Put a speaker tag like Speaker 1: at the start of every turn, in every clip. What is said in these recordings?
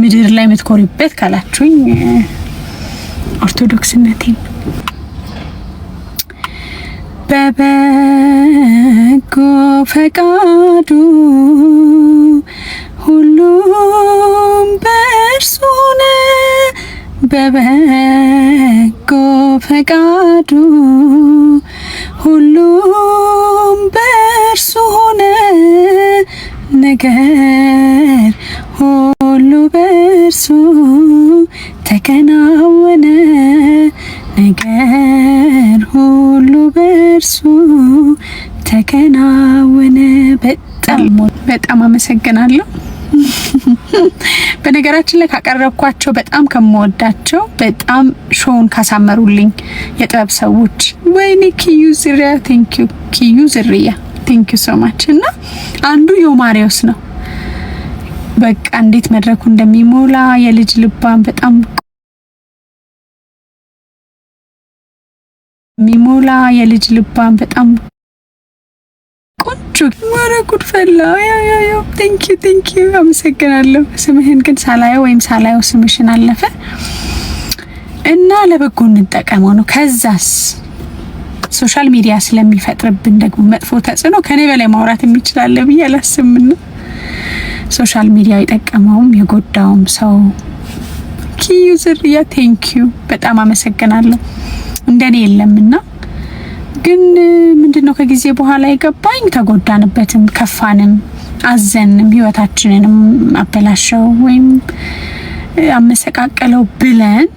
Speaker 1: ምድር ላይ የምትኮሪበት ካላችሁኝ ኦርቶዶክስነቴን በበጎ ፈቃዱ ሁሉም በእርሱ ነው። በበጎ ፈቃዱ ሁሉም በእርሱ ሆነ ነገር እርሱ ተከናወነ ነገር ሁሉ በእርሱ ተከናወነ። በጣም በጣም አመሰግናለሁ። በነገራችን ላይ ካቀረብኳቸው በጣም ከምወዳቸው በጣም ሾውን ካሳመሩልኝ የጥበብ ሰዎች ወይኔ ኪዩ ዝርያ ቴንኪዩ ኪዩ ዝርያ ቴንኪዩ ሶማች እና አንዱ ዮማሪዎስ ነው። በቃ እንዴት መድረኩ እንደሚሞላ የልጅ ልባን በጣም ሚሞላ የልጅ ልባን በጣም ቆንጆ ማረቁድ ፈላ። ያ ቴንክ ዩ ቴንክ ዩ አመሰግናለሁ። ስምህን ግን ሳላየው ወይም ሳላየው ስምሽን አለፈ እና ለበጎ እንጠቀመው ነው። ከዛስ ሶሻል ሚዲያ ስለሚፈጥርብን ደግሞ መጥፎ ተጽዕኖ ከኔ በላይ ማውራት የሚችላለ ብዬ አላስብምና ሶሻል ሚዲያ የጠቀመውም የጎዳውም ሰው ኪዩ ዝርያ ቴንኪዩ በጣም አመሰግናለሁ። እንደኔ የለምና ግን ምንድነው ከጊዜ በኋላ የገባኝ ተጎዳንበትም፣ ከፋንም፣ አዘንም፣ ህይወታችንንም አበላሸው ወይም አመሰቃቀለው ብለን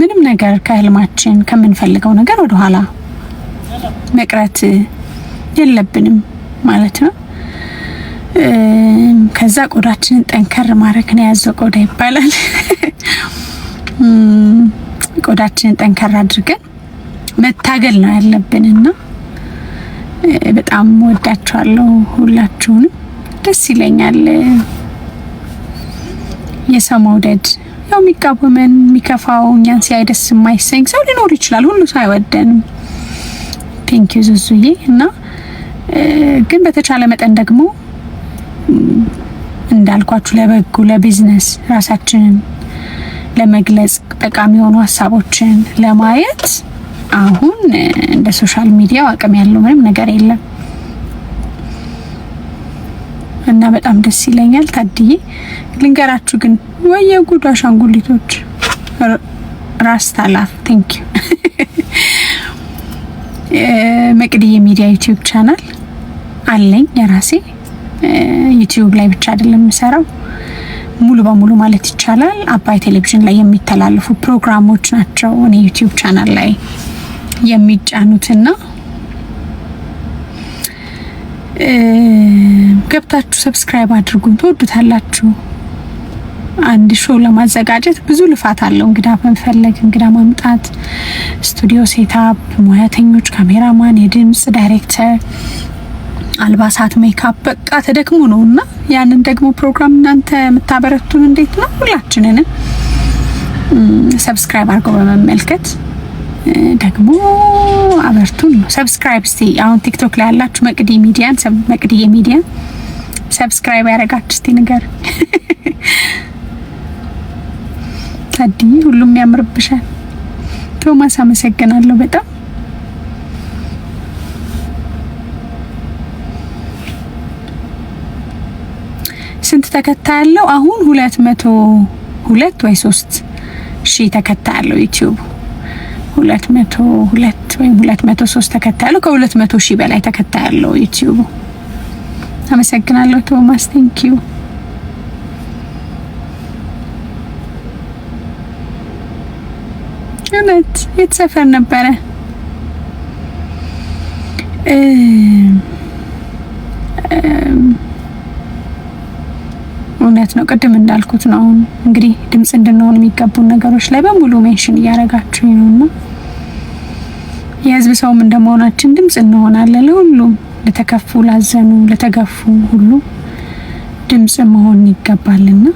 Speaker 1: ምንም ነገር ከህልማችን ከምንፈልገው ነገር ወደኋላ መቅረት የለብንም ማለት ነው። ከዛ ቆዳችንን ጠንከር ማድረግ ነው የያዘው ቆዳ ይባላል። ቆዳችንን ጠንከር አድርገን መታገል ነው ያለብንና በጣም ወዳችኋለሁ ሁላችሁንም። ደስ ይለኛል የሰው መውደድ። ያው የሚቃወመን የሚከፋው እኛን ሲያይ ደስ የማይሰኝ ሰው ሊኖር ይችላል። ሁሉ ሰው አይወደንም። ቴንኪዩ ዙዙዬ እና ግን በተቻለ መጠን ደግሞ እንዳልኳችሁ ለበጎ ለቢዝነስ ራሳችንን ለመግለጽ ጠቃሚ የሆኑ ሀሳቦችን ለማየት አሁን እንደ ሶሻል ሚዲያው አቅም ያለው ምንም ነገር የለም እና በጣም ደስ ይለኛል። ታድዬ ልንገራችሁ ግን ወየ ጉድ አሻንጉሊቶች ራስ ታላፍ ቲንክ ዩ መቅድዬ ሚዲያ ዩቲዩብ ቻናል አለኝ የራሴ ዩቲዩብ ላይ ብቻ አይደለም የምሰራው ሙሉ በሙሉ ማለት ይቻላል አባይ ቴሌቪዥን ላይ የሚተላለፉ ፕሮግራሞች ናቸው እኔ ዩቲዩብ ቻናል ላይ የሚጫኑትና ገብታችሁ ሰብስክራይብ አድርጉኝ ትወዱታላችሁ። አንድ ሾው ለማዘጋጀት ብዙ ልፋት አለው። እንግዳ በመፈለግ እንግዳ ማምጣት፣ ስቱዲዮ ሴታፕ፣ ሙያተኞች፣ ካሜራማን፣ የድምፅ ዳይሬክተር አልባሳት፣ ሜካፕ በቃ ተደክሞ ነው እና ያንን ደግሞ ፕሮግራም እናንተ የምታበረቱን እንዴት ነው? ሁላችንንም ሰብስክራይብ አድርገው በመመልከት ደግሞ አበርቱን ነው። ሰብስክራይብ እስቲ አሁን ቲክቶክ ላይ ያላችሁ መቅዲ ሚዲያን መቅዲ ሚዲያን ሰብስክራይብ ያደረጋችሁ እስቲ ንገር ታድይ። ሁሉም ያምርብሻል። ቶማስ አመሰግናለሁ በጣም ስንት ተከታይ ያለው አሁን ሁለት መቶ ሁለት ወይ ሶስት ሺህ ተከታይ ያለው ዩቲዩብ ሁለት መቶ ሁለት ወይም ሁለት ተከታይ ያለው ከሁለት መቶ ሺህ በላይ ተከታይ ያለው ዩቲዩብ። አመሰግናለሁ ቶማስ ቴንኪዩ። እውነት የት ሰፈር ነበረ? ማለት ነው። ቅድም እንዳልኩት ነው። አሁን እንግዲህ ድምጽ እንድንሆን የሚገቡን ነገሮች ላይ በሙሉ ሜንሽን እያደረጋችሁ ነውና የህዝብ ሰውም እንደመሆናችን ድምፅ እንሆናለን። ለሁሉም ለተከፉ፣ ላዘኑ፣ ለተገፉ ሁሉ ድምጽ መሆን ይገባልና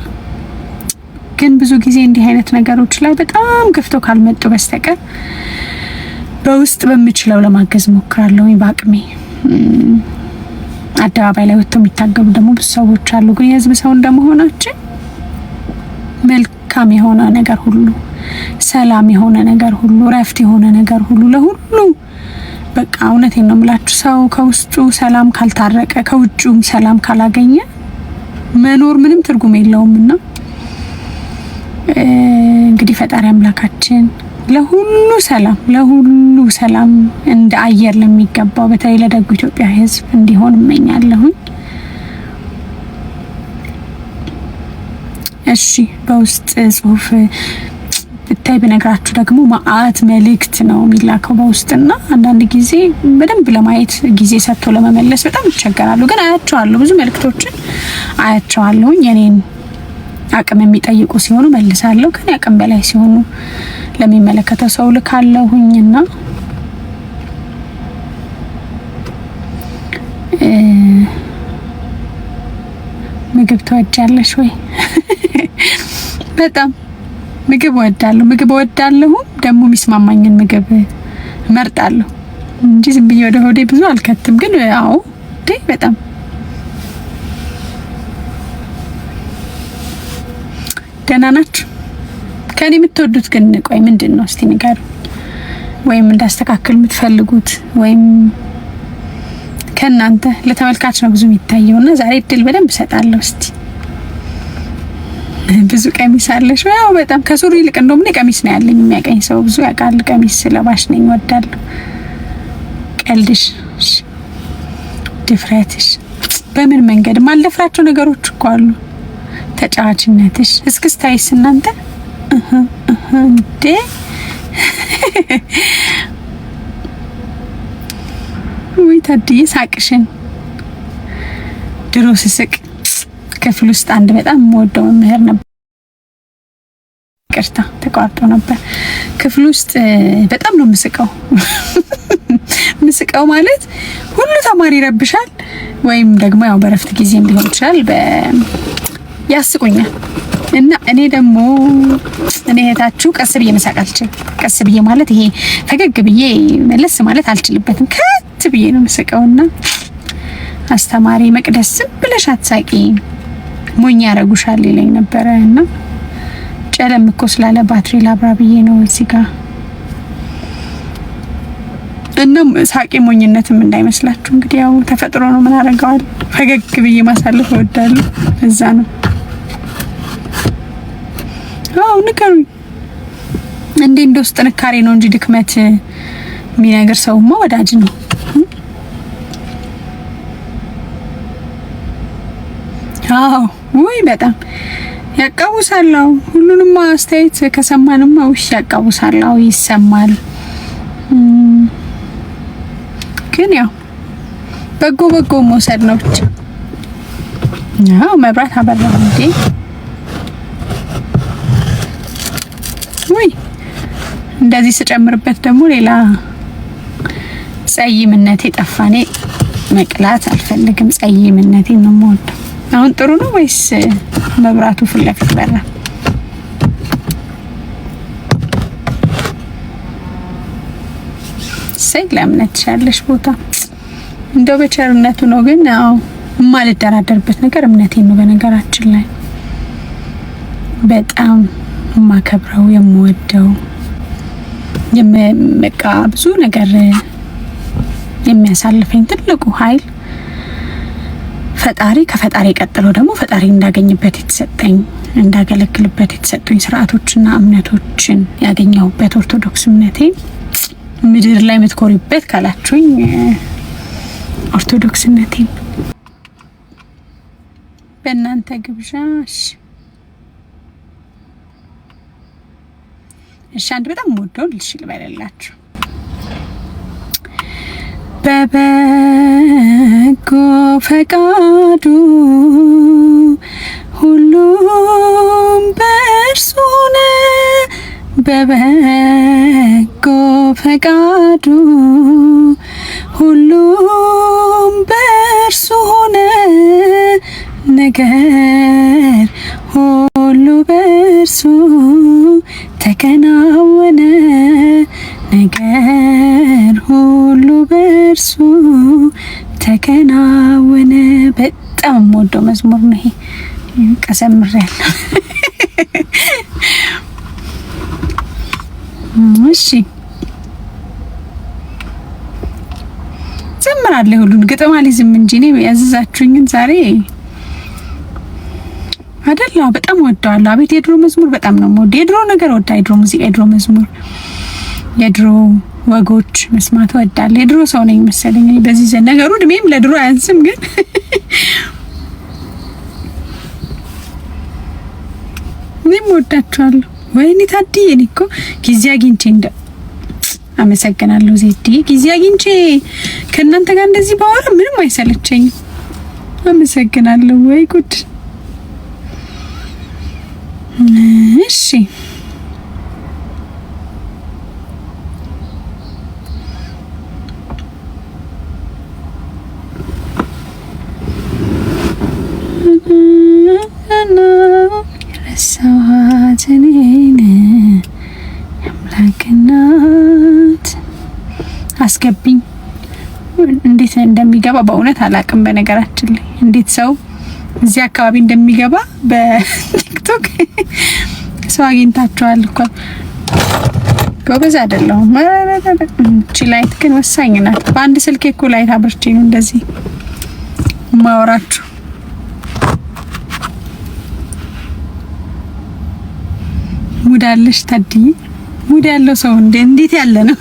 Speaker 1: ግን ብዙ ጊዜ እንዲህ አይነት ነገሮች ላይ በጣም ገፍቶ ካልመጡ በስተቀር በውስጥ በምችለው ለማገዝ ሞክራለሁ በአቅሜ አደባባይ ላይ ወጥተው የሚታገሉ ደግሞ ብዙ ሰዎች አሉ። ግን የህዝብ ሰው እንደመሆናችን መልካም የሆነ ነገር ሁሉ፣ ሰላም የሆነ ነገር ሁሉ፣ ረፍት የሆነ ነገር ሁሉ ለሁሉ በቃ እውነት ነው የምላችሁ። ሰው ከውስጡ ሰላም ካልታረቀ ከውጭውም ሰላም ካላገኘ መኖር ምንም ትርጉም የለውም እና እንግዲህ ፈጣሪ አምላካችን ለሁሉ ሰላም ለሁሉ ሰላም እንደ አየር ለሚገባው በተለይ ለደጉ ኢትዮጵያ ሕዝብ እንዲሆን እመኛለሁኝ። እሺ በውስጥ ጽሁፍ ብታይ ብነግራችሁ ደግሞ ማአት መልእክት ነው የሚላከው በውስጥና አንዳንድ ጊዜ በደንብ ለማየት ጊዜ ሰጥቶ ለመመለስ በጣም ይቸገራሉ። ግን አያቸዋለሁ፣ ብዙ መልእክቶችን አያቸዋለሁኝ። የኔን አቅም የሚጠይቁ ሲሆኑ መልሳለሁ። ከኔ አቅም በላይ ሲሆኑ ለሚመለከተው ሰው ልካለሁኝና ምግብ ትወጃለሽ ወይ? በጣም ምግብ እወዳለሁ። ምግብ እወዳለሁ ደግሞ የሚስማማኝን ምግብ እመርጣለሁ እንጂ ዝም ብዬ ወደ ሆዴ ብዙ አልከትም። ግን አዎ ዴ በጣም ደህና ናችሁ? ከኔ የምትወዱት ግን ቆይ ምንድን ነው እስቲ ንገሩ፣ ወይም እንዳስተካክል የምትፈልጉት ወይም ከእናንተ ለተመልካች ነው ብዙ የሚታየው እና ዛሬ እድል በደንብ እሰጣለሁ። እስቲ ብዙ ቀሚስ አለሽ? ያው በጣም ከሱሪ ይልቅ እንደውም እኔ ቀሚስ ነው ያለኝ። የሚያቀኝ ሰው ብዙ ያውቃል። ቀሚስ ስለባሽ ነኝ፣ ወዳለሁ። ቀልድሽ፣ ድፍረትሽ በምን መንገድ ማልደፍራቸው ነገሮች እኮ አሉ። ተጫዋችነትሽ፣ እስክስታይስ እናንተ እንዴ ወይ ታድዬ ሳቅሽን ድሮ ስስቅ ክፍል ውስጥ አንድ በጣም የምወደው መምህር ነበር። ቅርታ ተቋርጦ ነበር። ክፍል ውስጥ በጣም ነው ምስቀው ምስቀው ማለት ሁሉ ተማሪ ይረብሻል፣ ወይም ደግሞ ያው በረፍት ጊዜም ሊሆን ይችላል። ያስቁኛል እና እኔ ደግሞ እኔ እህታችሁ ቀስ ብዬ መሳቅ አልችልም። ቀስ ብዬ ማለት ይሄ ፈገግ ብዬ መለስ ማለት አልችልበትም። ከት ብዬ ነው የምስቀውና አስተማሪ መቅደስ ዝም ብለሽ አትሳቂ ሞኝ ያረጉሻል ይለኝ ነበረ እና ጨለም እኮ ስላለ ባትሪ ላብራ ብዬ ነው እዚህ ጋር እና ሳቄ ሞኝነትም እንዳይመስላችሁ እንግዲህ ያው ተፈጥሮ ነው። ምን ፈገግ ብዬ ማሳለፍ እወዳለሁ። እዛ ነው አዎ ንገሩኝ። እንዴ እንደ ውስጥ ጥንካሬ ነው እንጂ ድክመት የሚነግር ሰውማ ወዳጅ ነው። አዎ ውይ በጣም ያቃውሳለሁ። ሁሉንም አስተያየት ከሰማንም ውሽ ያቃውሳለሁ፣ ይሰማል። ግን ያው በጎ በጎ መውሰድ ነው ብቻ። ያው መብራት አበራ እንዴ ወይ እንደዚህ ስጨምርበት ደግሞ ሌላ ጸይምነቴ ጠፋኔ። መቅላት አልፈልግም። ጸይምነቴ የምወደው አሁን ጥሩ ነው ወይስ መብራቱ ፊት ለፊት በራ? ሰይ ለእምነት ትሻለሽ ቦታ እንደው በቸርነቱ ነው። ግን ያው የማልደራደርበት ነገር እምነቴ ነው። በነገራችን ላይ በጣም የማከብረው የምወደው በቃ ብዙ ነገር የሚያሳልፈኝ ትልቁ ኃይል ፈጣሪ ከፈጣሪ ቀጥሎ ደግሞ ፈጣሪ እንዳገኝበት የተሰጠኝ እንዳገለግልበት የተሰጡኝ ስርዓቶችና እምነቶችን ያገኘሁበት ኦርቶዶክስ እምነቴ ምድር ላይ የምትኮሪበት ካላችሁኝ ኦርቶዶክስነቴ በእናንተ ግብዣ እሺ አንድ በጣም ወደው ልሽል ባይላላችሁ በበጎ ፈቃዱ ሁሉም በእርሱ ነው። በበጎ ፈቃዱ ሁሉም በእርሱ ሆነ። ነገር ሁሉ በእርሱ እርሱ ተከናወነ። በጣም ወዶ መዝሙር ነው ይሄ። ቀሰምር ያለው እሺ፣ ዘምራለሁ። ሁሉን ግጥም አልይዝም እንጂ እኔ ያዘዛችሁኝን ዛሬ አደላ በጣም ወደዋለሁ። አቤት የድሮ መዝሙር በጣም ነው የምወደው። የድሮ ነገር ወዳ የድሮ ሙዚቃ፣ የድሮ መዝሙር፣ የድሮ ወጎች መስማት ወዳለ የድሮ ሰው ነኝ መሰለኝ በዚህ ዘንድ ነገሩ እድሜም ለድሮ አያንስም ግን እኔም ወዳችኋለሁ። ወይኔ ታድዬ እኔ እኮ ጊዜ አግኝቼ እንደ አመሰግናለሁ ዜድ ጊዜ አግኝቼ ከእናንተ ጋር እንደዚህ ባወራ ምንም አይሰለቸኝም። አመሰግናለሁ። ወይ ጉድ! እሺ አበባ በእውነት አላቅም። በነገራችን ላይ እንዴት ሰው እዚህ አካባቢ እንደሚገባ በቲክቶክ ሰው አግኝታችኋል እኮ ጎበዝ አይደለሁም። እቺ ላይት ግን ወሳኝ ናት። በአንድ ስልክ እኮ ላይት አብርቼ ነው እንደዚህ ማወራችሁ። ሙዳለሽ ታድይ ሙድ ያለው ሰው እንዴት ያለ ነው?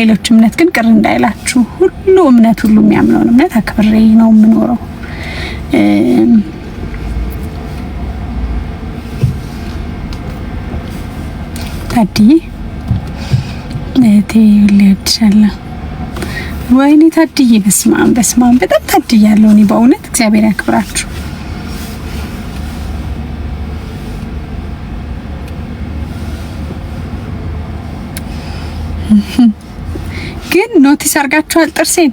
Speaker 1: ሌሎች እምነት ግን ቅር እንዳይላችሁ፣ ሁሉ እምነት ሁሉ የሚያምነውን እምነት አክብሬ ነው የምኖረው። ታዲ እህቴ ልሄድሻለሁ። ወይኔ ታድዬ፣ በስመ አብ በስመ አብ፣ በጣም ታድያለሁ። እኔ በእውነት እግዚአብሔር ያክብራችሁ። ግን ኖቲስ አርጋችኋል? ጥርሴን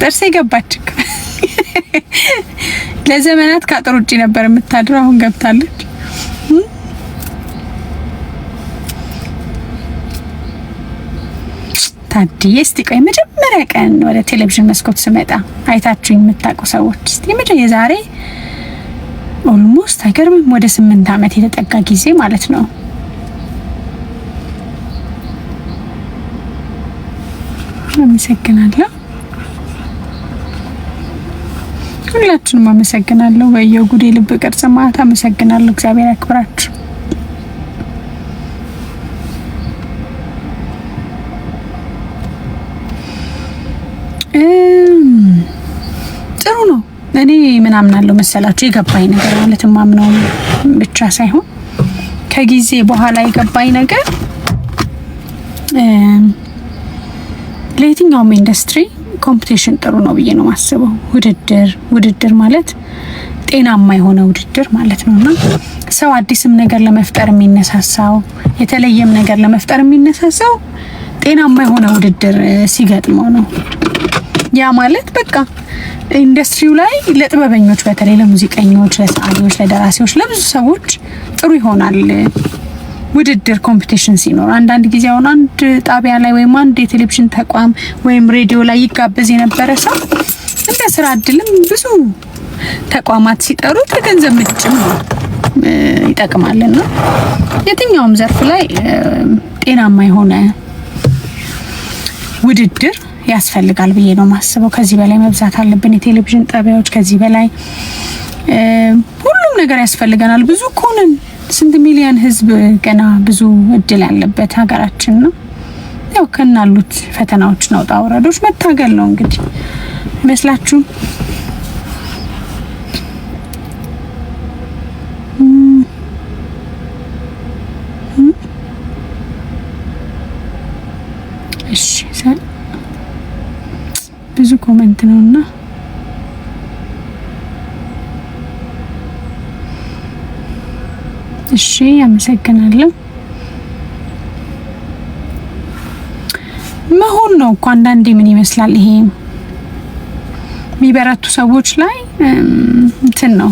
Speaker 1: ጥርሴ ገባች። ለዘመናት ከአጥር ውጭ ነበር የምታድረው፣ አሁን ገብታለች። ታድዬ እስቲ ቆይ መጀመሪያ ቀን ወደ ቴሌቪዥን መስኮት ስመጣ አይታችሁኝ የምታውቁ ሰዎች እስቲ የዛሬ ኦልሞስት አይገርምም ወደ ስምንት ዓመት የተጠጋ ጊዜ ማለት ነው አመሰግናለሁ። ሁላችንም አመሰግናለሁ። በየጉዴ ልብ ቅርጽ ማታ አመሰግናለሁ። እግዚአብሔር ያክብራችሁ። ጥሩ ነው። እኔ ምናምናለሁ መሰላችሁ የገባኝ ነገር ማለት ማምነው ብቻ ሳይሆን ከጊዜ በኋላ የገባኝ ነገር ለየትኛውም ኢንዱስትሪ ኮምፒቴሽን ጥሩ ነው ብዬ ነው ማስበው። ውድድር ውድድር ማለት ጤናማ የሆነ ውድድር ማለት ነው እና ሰው አዲስም ነገር ለመፍጠር የሚነሳሳው የተለየም ነገር ለመፍጠር የሚነሳሳው ጤናማ የሆነ ውድድር ሲገጥመው ነው። ያ ማለት በቃ ኢንዱስትሪው ላይ ለጥበበኞች፣ በተለይ ለሙዚቀኞች፣ ለሰዓሊዎች፣ ለደራሲዎች፣ ለብዙ ሰዎች ጥሩ ይሆናል ውድድር ኮምፒቲሽን ሲኖር አንዳንድ ጊዜ አሁን አንድ ጣቢያ ላይ ወይም አንድ የቴሌቪዥን ተቋም ወይም ሬዲዮ ላይ ይጋበዝ የነበረ ሰው እንደ ስራ እድልም ብዙ ተቋማት ሲጠሩት ለገንዘብ ምንጭም ይጠቅማልና የትኛውም ዘርፍ ላይ ጤናማ የሆነ ውድድር ያስፈልጋል ብዬ ነው ማስበው። ከዚህ በላይ መብዛት አለብን። የቴሌቪዥን ጣቢያዎች ከዚህ በላይ ሁሉም ነገር ያስፈልገናል። ብዙ እኮ ነን። ስንት ሚሊዮን ህዝብ ገና ብዙ እድል ያለበት ሀገራችን ነው። ያው ከናሉት ፈተናዎች ውጣ ውረዶች መታገል ነው እንግዲህ ይመስላችሁ ብዙ ኮመንት ነውና እሺ፣ አመሰግናለሁ። መሆን ነው እኮ አንዳንዴ ምን ይመስላል ይሄ የሚበረቱ ሰዎች ላይ እንትን ነው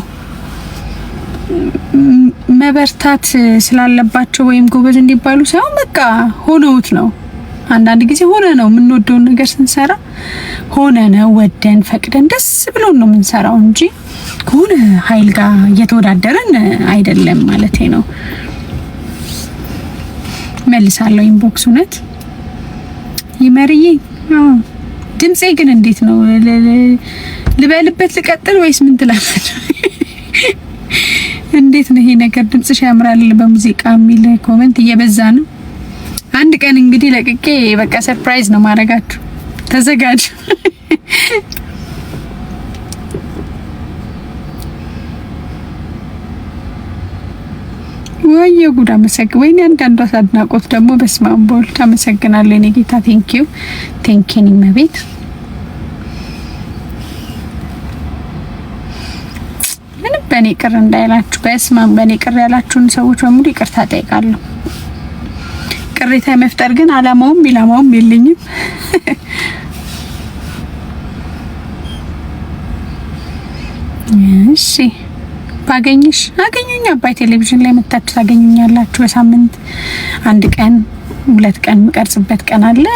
Speaker 1: መበርታት ስላለባቸው ወይም ጎበዝ እንዲባሉ ሳይሆን በቃ ሆነውት ነው። አንዳንድ ጊዜ ሆነ ነው የምንወደውን ነገር ስንሰራ ሆነ ነው ወደን ፈቅደን ደስ ብሎን ነው የምንሰራው እንጂ ከሆነ ኃይል ጋር እየተወዳደረን አይደለም ማለት ነው። መልሳለሁ ኢንቦክስ እውነት ይመርዬ ድምፄ ግን እንዴት ነው? ልበልበት ልቀጥል ወይስ ምን ትላለች? እንዴት ነው ይሄ ነገር? ድምጽሽ ያምራል በሙዚቃ የሚል ኮመንት እየበዛ ነው። አንድ ቀን እንግዲህ ለቅቄ በቃ ሰርፕራይዝ ነው ማድረጋችሁ። ተዘጋጅ። ወየ ጉድ አመሰግን። ወይኔ አንዳንዷ አድናቆት ደግሞ በስመ አብ ወልድ። አመሰግናለሁ የኔ ጌታ ቴንኪዩ ቴንኪን መቤት ምንም በእኔ ቅር እንዳይላችሁ፣ በስመ አብ በእኔ ቅር ያላችሁን ሰዎች በሙሉ ይቅርታ ጠይቃለሁ። ቅሬታ የመፍጠር ግን አላማውም ኢላማውም የለኝም። እሺ ባገኝሽ አገኙኝ። አባይ ቴሌቪዥን ላይ መታችሁ ታገኙኛላችሁ። በሳምንት አንድ ቀን ሁለት ቀን የምቀርጽበት ቀን አለ።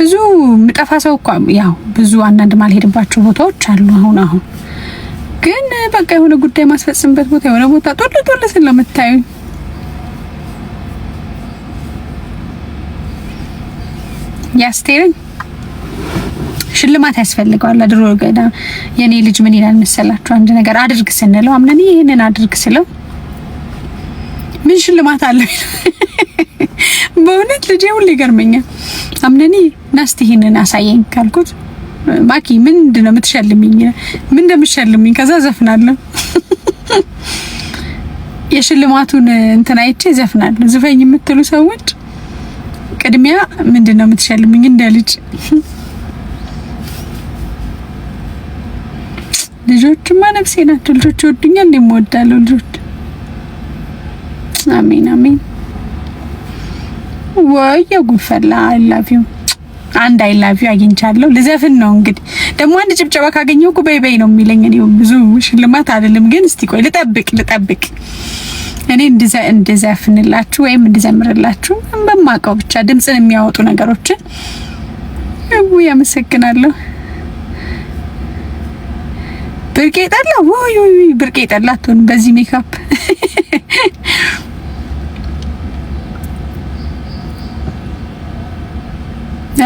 Speaker 1: ብዙ ምጠፋ ሰው እኮ ያው ብዙ አንዳንድ ማልሄድባቸው ቦታዎች አሉ። አሁን አሁን ግን በቃ የሆነ ጉዳይ ማስፈጽምበት ቦታ የሆነ ቦታ ጦል ጦል ስለምታዩ ያስቴርኝ። ሽልማት ያስፈልገዋል። አድሮ ገዳ የኔ ልጅ ምን ይላል መሰላችሁ? አንድ ነገር አድርግ ስንለው አምነን ይህንን አድርግ ስለው ምን ሽልማት አለ? በእውነት ልጄ ሁሌ ይገርመኛል። አምነኒ ናስቲ ይህንን አሳየኝ ካልኩት ማኪ ምንድን ነው የምትሸልምኝ? ምን እንደምትሸልምኝ ከዛ ዘፍናለሁ። የሽልማቱን እንትን አይቼ ዘፍናለሁ። ዝፈኝ የምትሉ ሰዎች ቅድሚያ ምንድን ነው የምትሸልምኝ እንደ ልጅ ልጆችማ ነፍሴ ናቸው። ልጆች ይወዱኛል፣ እንደምወዳለው ልጆች። አሜን አሜን። ወይ የጉፈላ አይ ላቭ ዩ አንድ አይ ላቭ ዩ አግኝቻለሁ። ልዘፍን ነው እንግዲህ ደግሞ አንድ ጭብጨባ ካገኘው እኮ በይ በይ ነው የሚለኝ። እኔ ብዙ ሽልማት አይደለም ግን እስቲ ቆይ ልጠብቅ ልጠብቅ። እኔ እንደዛ እንደዘፍንላችሁ ወይም እንደዘምርላችሁ በማውቀው ብቻ ድምፅን የሚያወጡ ነገሮችን እው ያመሰግናለሁ። ብርቄ ጠላ ወይ ወይ ብርቄ ጠላ አትሆንም በዚህ ሜካፕ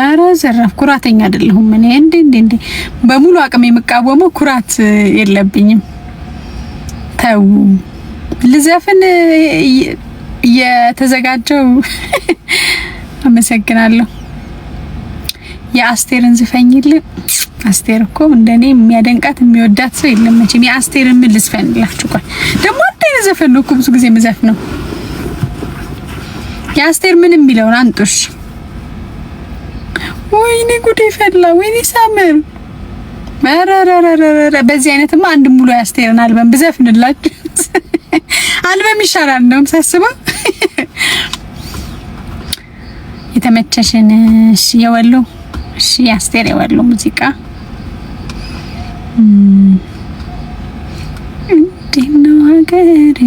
Speaker 1: ኧረ ዘራፍ ኩራተኛ አይደለሁም እኔ እንዴ እንዴ እንዴ በሙሉ አቅም የምቃወመው ኩራት የለብኝም ተው ልዘፍን የተዘጋጀው አመሰግናለሁ የአስቴርን ዝፈኝልን። አስቴር እኮ እንደኔ የሚያደንቃት የሚወዳት ሰው የለም መቼም። የአስቴርን ምን ልዝፈንላችሁ? ቆይ ደግሞ አንዴ ዘፈን ነው እኮ ብዙ ጊዜ መዘፍ ነው። የአስቴር ምን የሚለውን አንጡሽ። ወይኔ ጉዴ ፈላ፣ ወይኔ ሳምር መረረረረረ። በዚህ አይነትማ አንድ ሙሉ የአስቴርን አልበም ብዘፍንላችሁ አልበም ይሻላል። እንደውም ሳስበው የተመቸሽን የወሎ እሺ፣ አስቴር ያለው ሙዚቃ እንዴት ነው ሀገሬ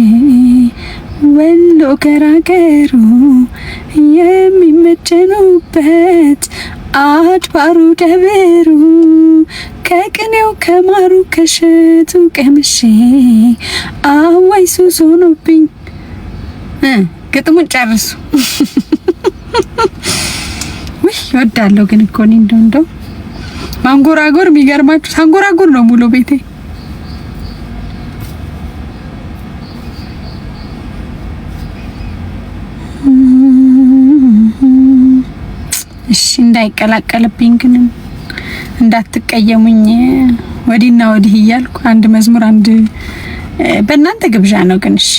Speaker 1: ወሎ ገራገሩ የሚመጀኑበት አድባሩ ደብሩ ከቅኔው ከማሩ ከሸቱ ቀምሼ አዋይ ሱስ ሆኖብኝ ግጥሙን ጨርሱ። ውይ እወዳለሁ ግን እኮ እኔ እንደው እንደው ማንጎራጎር የሚገርማችሁ ሳንጎራጎር ነው ሙሉ ቤቴ። እሺ እንዳይቀላቀልብኝ ግን እንዳትቀየሙኝ ወዲና ወዲህ እያልኩ አንድ መዝሙር አንድ በእናንተ ግብዣ ነው ግን እሺ